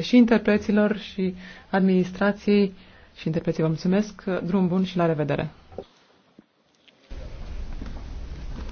și interpreților și administrației și interpreții vă mulțumesc. Drum bun și la revedere!